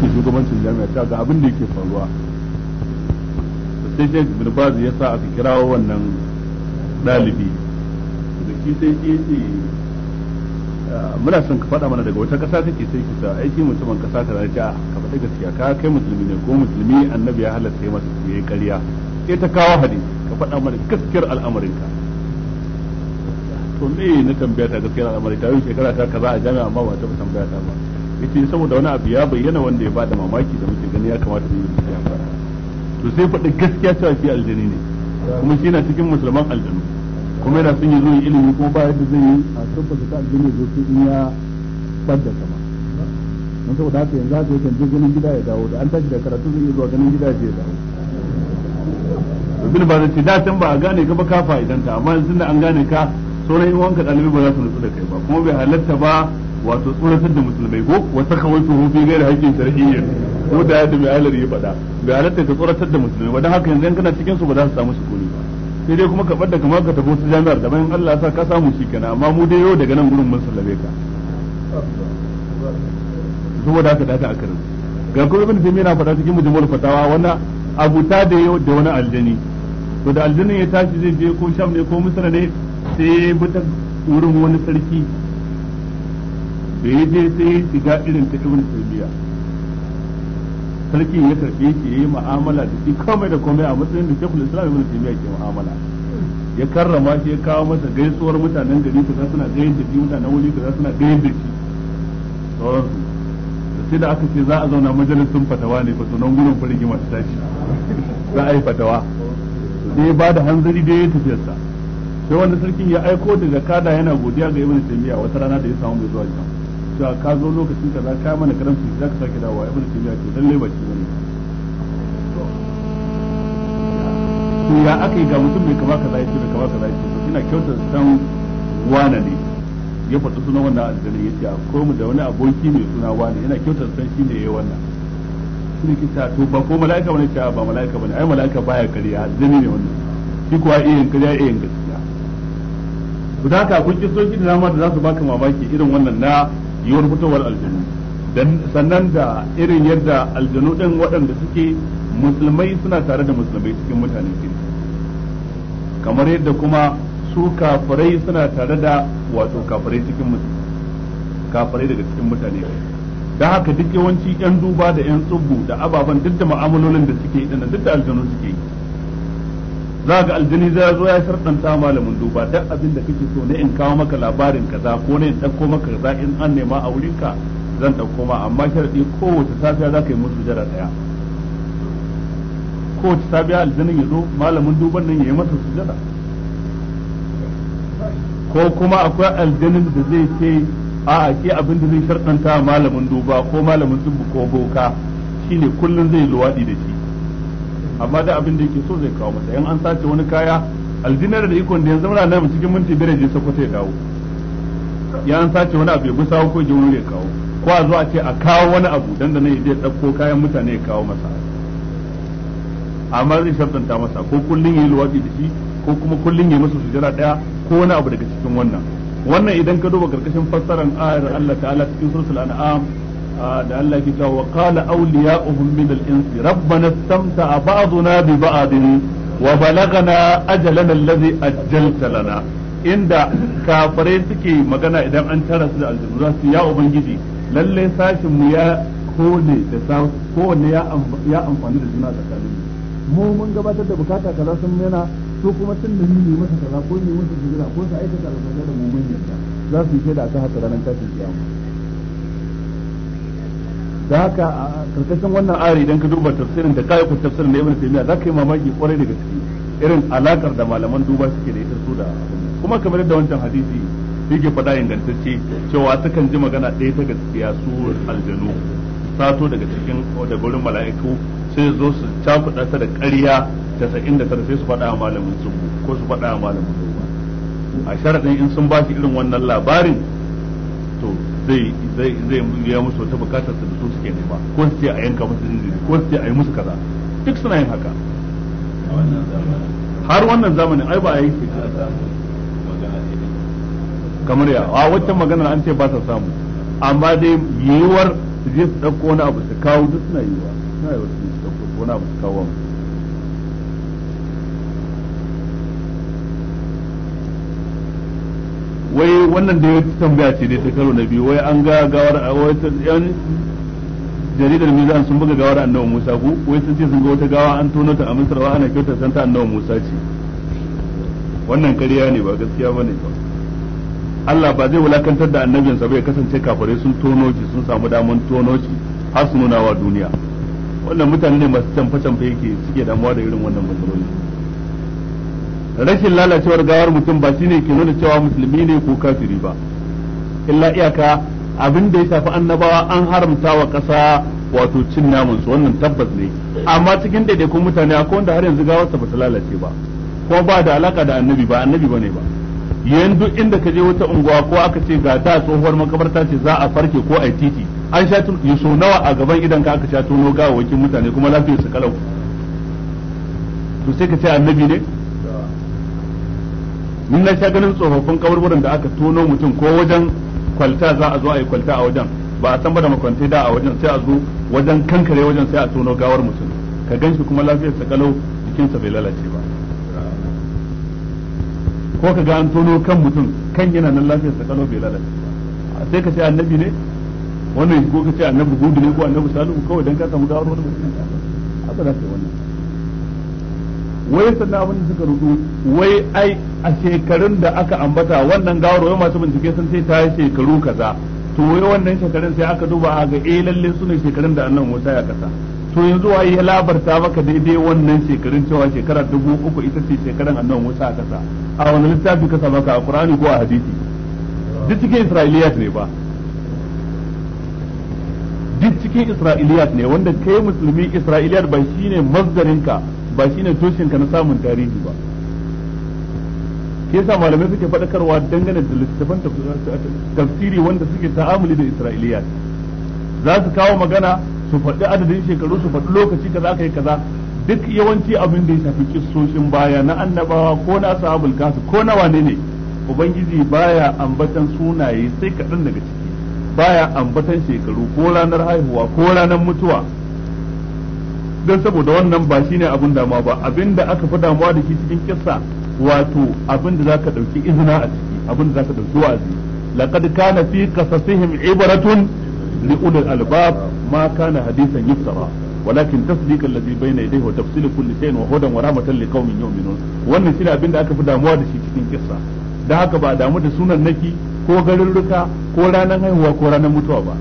shugabancin jami'a ta ga abin da yake faruwa sai shek bin bazi ya sa aka kirawo wannan dalibi da shi sai shi ce ah, muna son ka faɗa mana daga wata ƙasa kake sai ki sa aiki mutumin ƙasa ka ce a ka faɗi gaskiya ka kai musulmi ne ko musulmi annabi ya halatta ya masa yayi ƙarya ke ta kawo hadi ka faɗa mana gaskiyar al'amarinka to me na tambaya ta gaskiyar al'amarinka yau shekara ta kaza a jami'a amma ba ta tambaya ta ba yace saboda wani abu ya bayyana wanda ya bada mamaki da muke gani ya kamata mu yi amfana to sai faɗi gaskiya cewa shi aljani ne kuma shi na cikin musulman aljanu kuma yana son ya zo ilimi kuma ba yadda zai yi a tabbata ta aljani zo sai in ya badda kama don saboda haka yanzu haka yakan je ganin gida ya dawo da an tashi da karatu zai iya zuwa ganin gida ya dawo bin ba ce da can ba a gane ka ba ka fa'idanta amma yanzu da an gane ka sauran yan wanka dalibi ba za su nutsu da kai ba kuma bai halatta ba wato tsoratar da musulmai ko kawai sakawaitu fi ghairi hakkin tarihiyyar ko da yadda mai alari ya faɗa ga halatta ka tsoratar da musulmai wadda haka yanzu kana cikin su ba za su samu sukuni ba sai dai kuma ka da kamar ka tafi wasu jami'ar da bayan Allah ya sa ka samu shi kenan amma mu dai yau daga nan gurin mun sallabe ka saboda haka data aka rubuta ga kuma ibn taymiya yana faɗa cikin mujmal fatawa wannan abuta da yau da wani aljani to da aljanin ya tashi zai je ko sham ne ko misra ne sai ya bi ta wurin wani sarki da ya je sai ya shiga irin ta ibn taymiya sarkin ya karbe shi yayi mu'amala da shi komai da komai a matsayin da shekul islam ibn taymiya ke mu'amala ya karrama shi ya kawo masa gaisuwar mutanen gari kaza suna gayyar da shi mutanen wuri kaza suna gayyar da shi sauransu sai da aka ce za a zauna majalisun fatawa ne ba nan gudun fari gima ta tashi za a yi fatawa sai ba da hanzari da ya sa sai wanda sarkin ya aiko daga kada yana godiya ga ibn taymiya wata rana da ya samu mai zuwa jama'a cewa ka zo lokacin kaza ka mana karamci za ka sake dawowa ibn taymiya ce dan ba baki bane to ya aka yi ga mutum mai kama kaza yace mai kama kaza yace kina ina kyauta san wane ne ya fata sunan wannan aljanna yace akwai mu da wani aboki mai suna wani yana kyauta san shi ne yayi wannan shi ne ta to ba ko mala'ika bane ce ba mala'ika bane ai mala'ika baya kariya aljanna ne wannan shi kuwa iya yin kariya iya yin gaskiya ku da haka kun kisoki da dama da za su baka mamaki irin wannan na yiwuwar fitowar aljanu sannan da irin yadda aljanu din waɗanda suke musulmai suna tare da musulmai cikin mutane kamar yadda kuma su kafirai suna tare da wato kafirai cikin kafirai daga cikin mutane da haka duk yawanci yan duba da yan tsubu da ababen duk da ma'amalolin da suke idan duk da aljanu suke za ga aljini zai zo ya sharɗanta malamin duba duk abin da kake so ne in kawo maka labarin kaza ko ne in ɗauko maka kaza in an nema a wurinka zan ɗauko ma amma sharaɗi kowace safiya za ka yi musu jara ɗaya kowace safiya aljinin ya zo malamin duban nan ya yi masa jara. ko kuma akwai aljinin da zai ce a ke abin da zai sharɗanta malamin duba ko malamin zubu ko boka shine kullum zai luwaɗi da shi amma da abin da yake so zai kawo masa in an sace wani kaya aljinar da ikon da ya zauna mu cikin minti biyar je sako sai dawo ya an sace wani abu ya gusa ko ya wuri ya kawo ko a zo a ce a kawo wani abu dan da na ya je dauko kayan mutane ya kawo masa amma zai shartanta masa ko kullun yayi luwadi da shi ko kuma kullun yayi masa sujjara daya ko wani abu daga cikin wannan wannan idan ka duba karkashin fassarar ayar Allah ta'ala cikin suratul an'am da Allah ke cewa qala awliya'uhum min al-ins rabbana istamta'a ba'duna bi ba'din wa balagana ajalana allazi ajjalta lana inda kafare suke magana idan an tara su da aljanu za su ya ubangiji lalle sashin mu ya kone da sa kowanne ya ya amfani da juna tsakanin mu mun gabatar da bukata kaza sun mena to kuma tun da ni masa kaza ko ni masa jira ko su aikata alƙawari da mu mun yarda za su yi shaida akan haka ranar tashin kiyama da haka karkashin wannan ayar idan ka duba tafsirin da kai ku tafsirin da Ibn za zaka yi mamaki kwarai da gaske irin alakar da malaman duba suke da ita su da kuma kamar yadda wancan hadisi yake faɗa ingantacce cewa sukan ji magana ɗaya ta gaskiya su aljanu sato daga cikin da gurin mala'iku sai zo su cakuɗa ta da ƙarya casa'in da sai su faɗa a malamin su ko su faɗa a malamin su a sharaɗin in sun ba shi irin wannan labarin to zai zai zai biya musu wata bukatar da su suke nema ko su ce a yanka musu jinjiri ko su ce a yi musu kaza duk suna yin haka har wannan zamanin ai ba a yi kamar ya a wancan maganar an ce ba ta samu amma dai yiwuwar su je su ɗauko wani abu su kawo duk suna yiwuwa suna yiwuwa su ɗauko wani abu su kawo mu wai wannan da ya tambaya ce dai ta karo na biyu wai an ga gawar a yan jaridar mizan sun buga gawar annabi Musa ku wai sun ce sun ga wata gawa an tono ta a Misra wa ana kyautar santa annabi Musa ce wannan ƙarya ne ba gaskiya bane ba Allah ba zai wulakantar da annabinsa bai kasance kafare sun tono shi sun samu daman tono shi har su nuna wa duniya wannan mutane ne masu canfa-canfa yake suke damuwa da irin wannan matsaloli rashin lalacewar gawar mutum ba shine ke nuna cewa musulmi ne ko kafiri ba illa iyaka abin da ya shafi annabawa an haramta wa ƙasa wato cin namun su wannan tabbas ne amma cikin daidaikun mutane akwai wanda har yanzu gawarsa ta ta lalace ba kuma ba da alaka da annabi ba annabi bane ba yanzu inda ka je wata unguwa ko aka ce ga da tsohuwar makabarta ce za a farke ko a titi an sha so nawa a gaban idan ka aka sha tono wakin mutane kuma lafiyar su kalau to sai ka ce annabi ne mun na sha ganin tsofaffin kaburburan da aka tono mutum ko wajen kwalta za a zo a yi kwalta a wajen ba a san ba da makwanta da a wajen sai a zo wajen kankare wajen sai a tono gawar mutum ka gan shi kuma sa kalau sa bai lalace ba ko ka ga an tono kan mutum kan yana nan lafiyar sa kalau bai lalace ba sai ka ce annabi ne wannan ko ka ce annabi gudu ne ko annabi salihu kawai dan ka samu gawar wani mutum haka da ke wannan wai sannan abin da suka rudu wai ai a shekarun da aka ambata wannan gawar wai masu bincike sun ce ta yi shekaru kaza to wai wannan shekarun sai aka duba a ga eh lalle su ne shekarun da annabi Musa ya kasa to yanzu wai ya labarta maka daidai wannan shekarun cewa shekara dubu uku ita ce shekaran annabi Musa a kasa a wani littafi kasa maka a Qur'ani ko a hadisi duk cikin Isra'iliyat ne ba duk cikin Isra'iliyat ne wanda kai musulmi Isra'iliyat ba shine mazdarinka ba shi tushen ka na samun tarihi ba shi yasa malamai suke faɗakarwa dangane da littattafan tafsiri wanda suke ta'amuli da isra'iliya za su kawo magana su faɗi adadin shekaru su faɗi lokaci kaza aka yi kaza duk yawanci abin da ya shafi kissoshin baya na annabawa ko na ashabul kasu ko na wane ne ubangiji baya ambatan sunaye sai kaɗan daga ciki baya ambatan shekaru ko ranar haihuwa ko ranar mutuwa don saboda wannan ba shi ne abin damuwa ba abinda aka fi damuwa da shi cikin kissa wato abin da ka dauki izina a ciki abin da ka dauki wa'azi laqad kana fi qasasihim ibratun li ulil albab ma kana hadisan yuftara ولكن تصديق الذي بين يديه وتفصيل كل شيء وهدى ورحمة لقوم يؤمنون wannan shine abin da aka fi damuwa da shi cikin kissa da haka ba damu da sunan naki ko garin ruka ko ranar haihuwa ko ranar mutuwa ba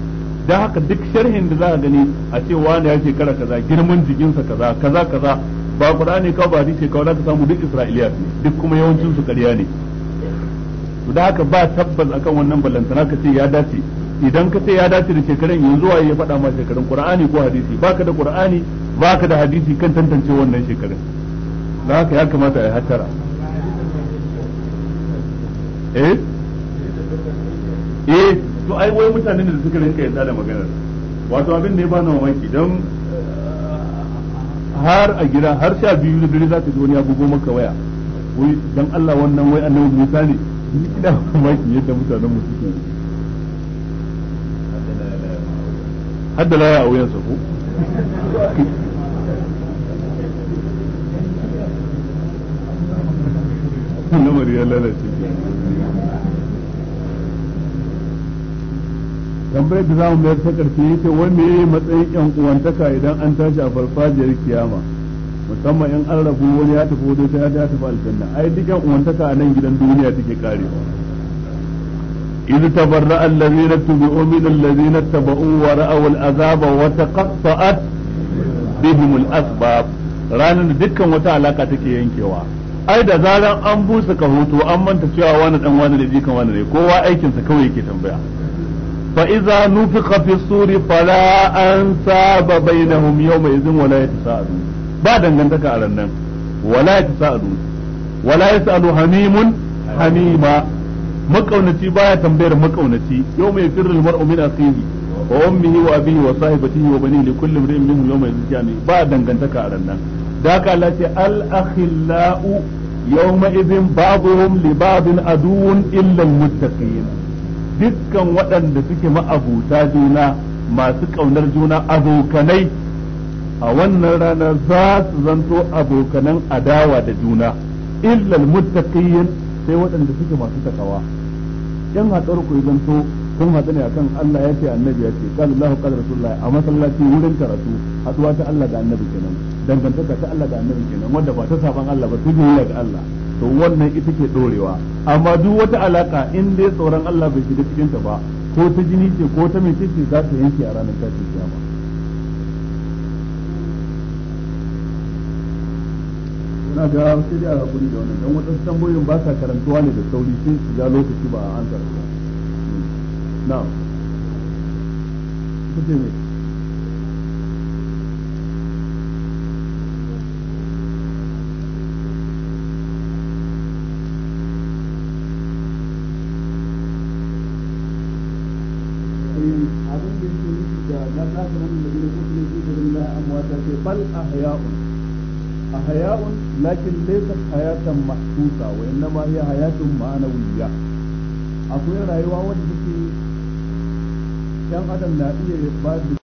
da haka duk sharhin da za a gani a ce wani ya shekara kaza girman jikinsa kaza kaza kaza ba qur'ani ka ba dace ka za ka samu duk isra'iliya ne duk kuma yawancin su ƙarya ne to da haka ba tabbas akan wannan ballantana ka ce ya dace idan ka ce ya dace da shekaran yanzu waye ya faɗa ma shekaran qur'ani ko hadisi baka da qur'ani baka da hadisi kan tantance wannan shekaran da haka ya kamata a hatara eh eh to ai wai mutane da suka rinka yadda da maganar wato abin da ya bani mamaki don eh, har a gida har sha biyu da dare za ta ji wani ya bugo maka waya wai dan Allah wannan wai annabi Musa ne ina mamaki yadda mutanen mu suke hadda ya a wuyansa ko lamari ya lalace tambayar da mu mayar ta karshe yace wai me matsayin yan uwantaka idan an tashi a farfajiyar kiyama musamman in an rabu wani ya tafi wani ta ya tafi aljanna ai duk yan uwantaka a nan gidan duniya take karewa إذ تبرأ الذين اتبعوا من الذين اتبعوا ورأوا العذاب وتقطعت بهم الأسباب ranar dukkan wata alaka take yankewa ai da zaran an busa kahoto an manta cewa wani dan wani da jikan wani ne kowa aikinsa kawai yake tambaya فإذا نفخ في الصور فلا أنساب بينهم يومئذ ولا يتساءلون بعد أن ننتهى على النام ولا يتساءلون ولا يسأل حميم حميما مكونتي باية تنبير مكونتي يوم يفر المرء من أخيه وأمه وأبيه وصاحبته وبنيه لكل امرئ منهم يوم الجامع بعد أن ننتهى على النام ذاك التي الأخلاء يومئذ بعضهم لبعض عدو إلا المتقين dukkan waɗanda suke ma'abuta juna masu ƙaunar juna abokanai a wannan rana za su zanto abokanan adawa da juna illal muttaqin sai waɗanda suke masu takawa yan hatsar ku zanto kun hatsu ne akan Allah ya ce annabi ya ce qala Allahu qala rasulullah a masallaci wurin karatu haduwa ta Allah da annabi kenan dangantaka ta Allah da annabi kenan wanda ba ta saban Allah ba tujiyya ga Allah to wannan ita ke dorewa amma duk wata alaka in dai tsoron Allah bai shiga cikin ta ba ko ta jini ce ko ta mece ce za ta yanke a ranar tashin kiyama na ga sai dai a hakuri da wannan dan wata tambayoyin ba sa karantuwa ne da sauri sai su ja lokaci ba a an karanta na'am kuce mai abin da yake da na kasa nan da gina kuma ne da gina amwata ce bal ahya'un akwai rayuwa wadda take yan adam na iya ba